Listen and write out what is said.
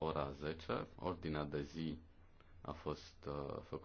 ora 10. Ordinea de zi a fost uh, făcută